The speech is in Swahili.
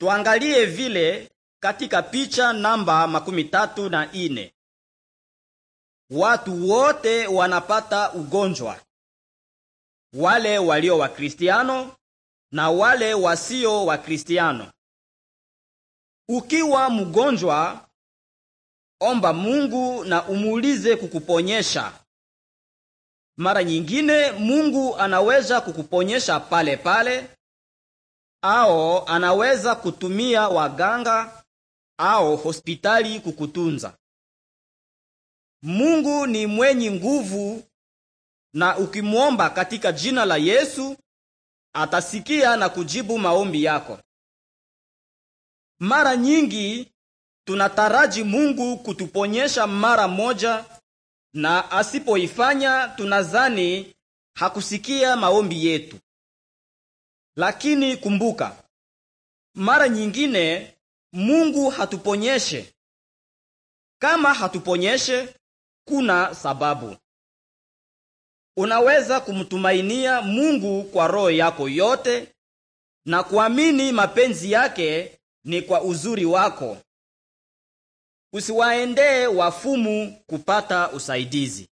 Tuangalie vile katika picha namba makumi tatu na ine watu wote wanapata ugonjwa, wale walio Wakristiano na wale wasio Wakristiano. Ukiwa mgonjwa, omba Mungu na umuulize kukuponyesha. Mara nyingine Mungu anaweza kukuponyesha pale pale, au anaweza kutumia waganga au hospitali kukutunza. Mungu ni mwenye nguvu, na ukimwomba katika jina la Yesu atasikia na kujibu maombi yako. Mara nyingi tunataraji Mungu kutuponyesha mara moja, na asipoifanya tunazani hakusikia maombi yetu. Lakini kumbuka, mara nyingine Mungu hatuponyeshe. Kama hatuponyeshe, kuna sababu. Unaweza kumtumainia Mungu kwa roho yako yote na kuamini mapenzi yake ni kwa uzuri wako. Usiwaendee wafumu kupata usaidizi.